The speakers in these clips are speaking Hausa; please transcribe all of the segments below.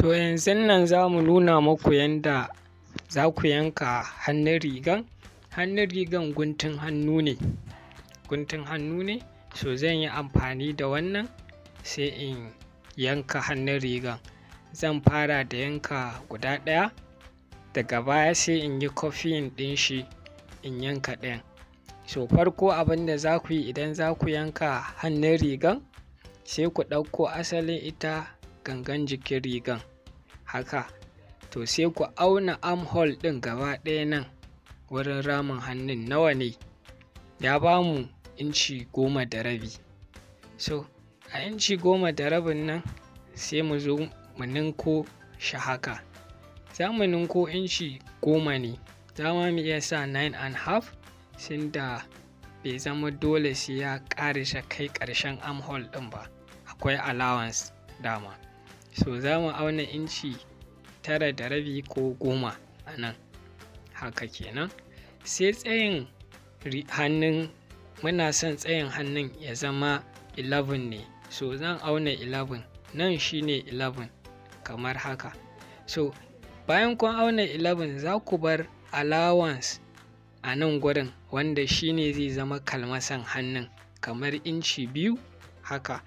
To yanzun nan za mu nuna muku yadda za ku yanka hannun rigan. Hannun rigan guntun hannu ne, guntun hannu ne, so zan yi amfani da wannan sai in yanka hannun rigan. Zan fara da yanka guda ɗaya, daga baya sai in yi kofin ɗin shi in yanka ɗayan. So farko abin da za ku yi idan za ku yanka hannun rigan, sai ku ɗauko asalin ita gangan jikin rigan haka to sai ku auna armhole ɗin gaba ɗaya nan wurin ramin hannun nawa ne ya ba mu inci goma da rabi so a inci goma da rabin nan sai mu zo mu ninko shi haka za mu ninko inci goma ne za mu iya sa 9 and half sun da bai zama dole sai ya ƙarisa kai ƙarshen armhole ɗin ba akwai allowance dama so za mu auna inci tara da rabi ko goma a nan haka kenan sai tsayin hannun muna son tsayin hannun ya zama 11 ne so zan auna 11 nan shine 11 kamar haka so bayan kun auna 11 za ku bar allowance a nan gurin wanda shine zai zama kalmasan hannun kamar inci biyu haka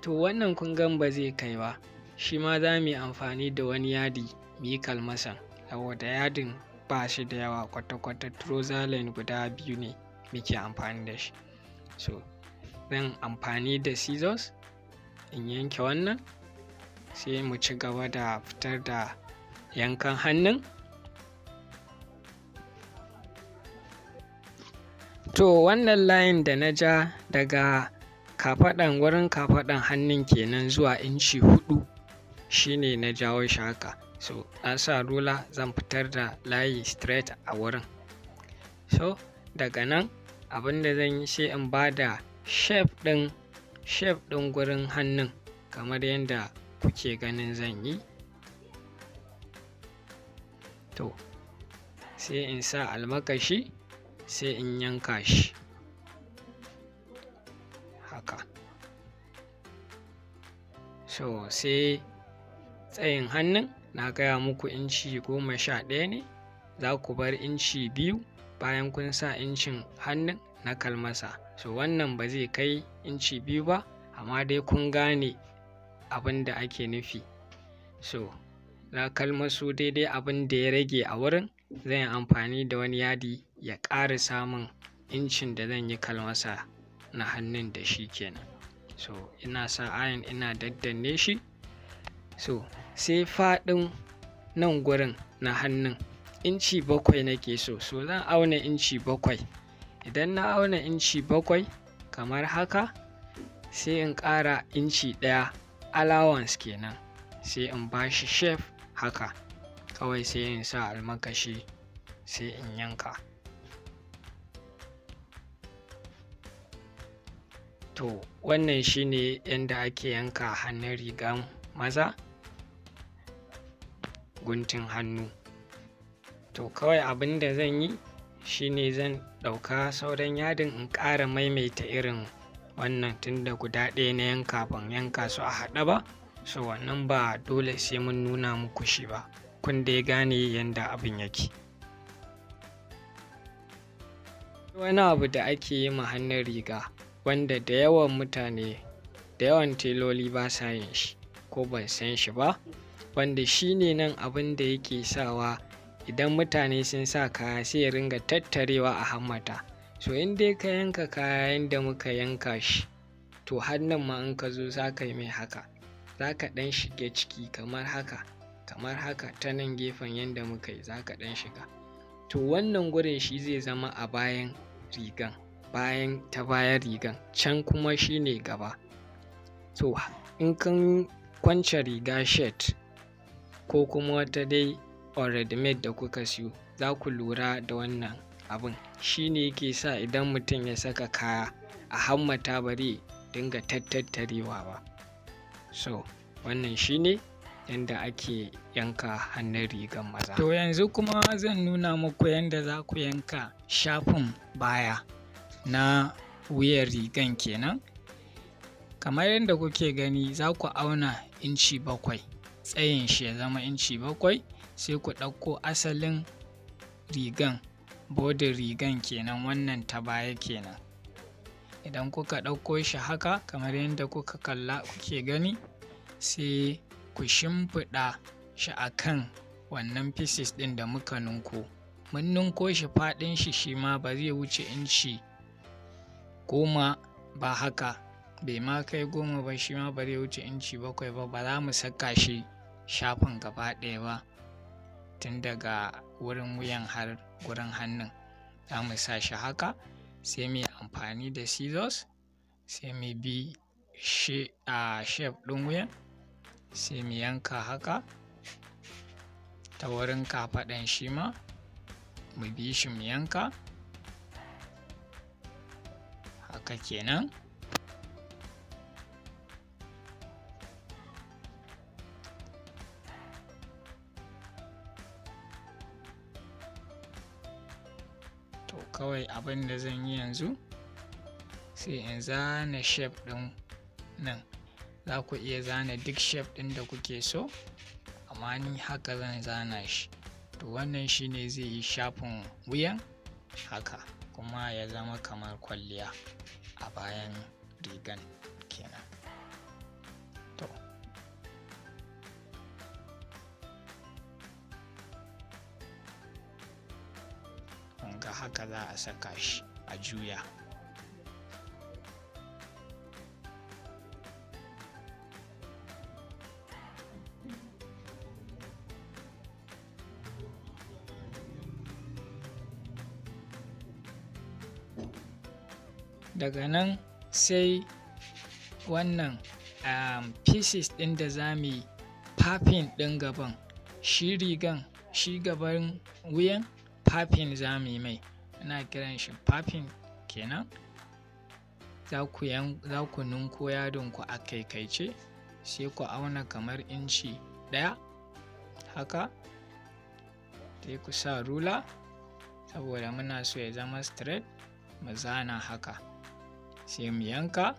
to wannan kun gan ba zai kai ba shi ma za mu yi amfani da wani yadi mu kalmasa kalmasan saboda yadin ba shi da yawa kwata-kwata trouser line guda biyu ne muke amfani da shi so zan amfani da scissors in yanke wannan sai mu ci gaba da fitar da yankan hannun to wannan layin da na ja daga kafaɗan wurin kafaɗan hannun kenan zuwa inci hudu shine na jawo shi haka so an sa rula zan fitar da layi straight a wurin so daga nan abinda zan yi sai in ba da shef ɗin shape ɗin gurin hannun kamar yadda kuke ganin zan yi to sai in sa almakashi sai in yanka shi haka so sai tsayin hannun na gaya muku inci goma sha ɗaya ne za ku bar inci biyu bayan kun sa incin hannun na kalmasa so wannan ba zai kai inci biyu ba amma dai kun gane abin da ake nufi so na kalmasu daidai abin da ya rage a wurin zan yi amfani da wani yadi ya ƙara samun incin da zan yi kalmasa na hannun da shi kenan so ina sa ayin ina daddanne shi so sai faɗin nan gurin na hannun inci bakwai nake so so zan auna inci bakwai idan na auna inci bakwai kamar haka sai in ƙara inci ɗaya allowance kenan sai in ba shi shef haka kawai sai in sa almakashi sai in yanka to wannan shine yadda ake yanka hannun rigan maza guntun hannu to kawai abin da zan yi shine zan ɗauka sauran yadin in ƙara maimaita irin wannan tunda guda ɗaya na yanka ban yanka su a haɗe ba so wannan ba dole sai mun nuna muku shi ba kun dai gane yadda abin yake wani abu da ake yi ma hannun riga wanda da yawan mutane da yawan teloli ba sa yin shi ko ban san shi ba wanda shi ne nan abin da yake sawa idan mutane sun sa kaya sai ya ringa tattarewa a hammata so in dai ka yanka kaya yadda muka yanka shi to har nan ma in ka zo za ka yi mai haka za ka ɗan shige ciki kamar haka kamar haka ta nan gefen yadda muka yi za ka ɗan shiga to wannan gurin shi zai zama a bayan rigan bayan ta bayan rigan can kuma shi ne gaba to in kan kwance riga shirt ko kuma wata dai already made da kuka siyo za ku lura da wannan abin shi ne yake sa idan mutum ya saka kaya a hammata bari dinga tattattarewa ba so wannan shi ne yadda ake yanka hannun rigar maza to yanzu kuma zan nuna muku yadda za ku yanka shafin baya na wuyan rigan kenan kamar yadda kuke gani za ku auna inci bakwai tsayin shi ya zama inci bakwai sai ku ɗauko asalin rigan bodin rigan kenan wannan ta baya kenan idan kuka ɗauko shi haka kamar yadda kuka kalla kuke gani sai ku shimfiɗa shi a kan wannan pieces ɗin da muka ninko mun ninko shi faɗin shi shi ma ba zai wuce inci goma ba haka bai ma kai goma ba shi ma ba zai wuce inci bakwai ba ba za mu saka shi Shafin gaba ɗaya ba tun daga wurin wuyan har wurin hannun za mu sa shi haka sai mu yi amfani da scissors sai mu bi a shef ɗin wuyan sai mu yanka haka ta wurin kafaɗan shi ma mu bi shi mu yanka haka kenan kawai abin da zan yi yanzu sai in zana shape ɗin nan za ku iya zana duk shape ɗin da kuke so amma ni haka zan zana shi to wannan shine zai yi shafin wuyan haka kuma ya zama kamar kwalliya a bayan rigan ga haka za a saka shi a juya daga nan sai wannan um, pieces ɗin da za mu yi din gaban shi rigan shi gaban wuyan popping za mu yi mai ina kiran shi popping kenan za ku ninko ku a kaikaice sai ku auna kamar inci ɗaya haka sai ku sa rula saboda muna so ya zama straight mu zana haka sai mu yanka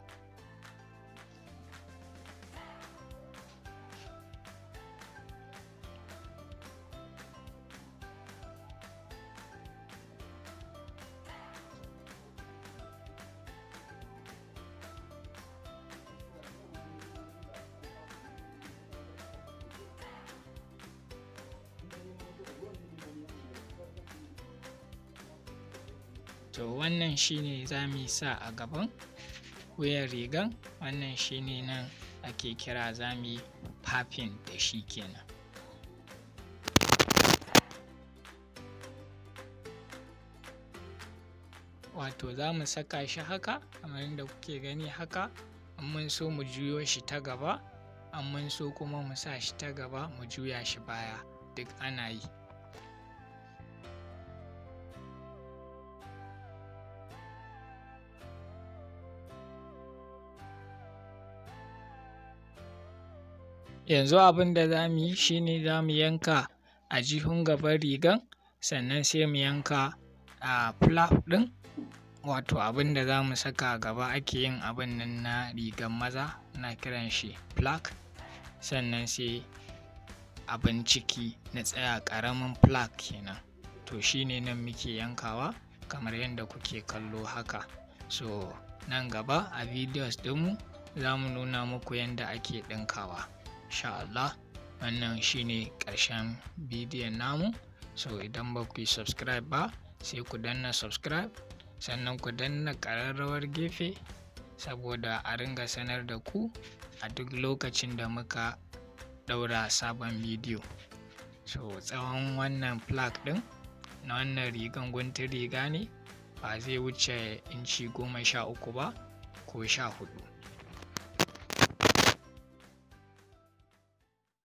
to wannan shine za mu sa a gaban wuyan rigan wannan shine nan ake kira za mu yi fafin da shi kenan wato za mu saka shi haka kamar yadda kuke gani haka an mun so mu juyo shi ta gaba an mun so kuma mu sa shi ta gaba mu juya shi baya duk ana yi yanzu abin da za mu yi shi ne za mu yanka a jihun gaban rigan sannan sai mu yanka a flap ɗin wato abin da za mu saka gaba ake yin abin nan na rigan maza na kiran shi flak sannan sai abin ciki na tsaya ƙaramin flak kenan to shi ne nan muke yankawa kamar yadda kuke kallo haka so nan gaba a videos ɗinmu za mu nuna muku yadda ake ɗinkawa insha Allah wannan shine ƙarshen bidiyon namu so idan ba ku yi subscribe ba sai ku danna subscribe sannan ku danna ƙararrawar gefe saboda a ringa sanar da ku a duk lokacin da muka ɗaura sabon bidiyo so tsawon wannan flag ɗin na wannan rigan guntun riga ne ba zai wuce inci goma sha uku ba ko sha hudu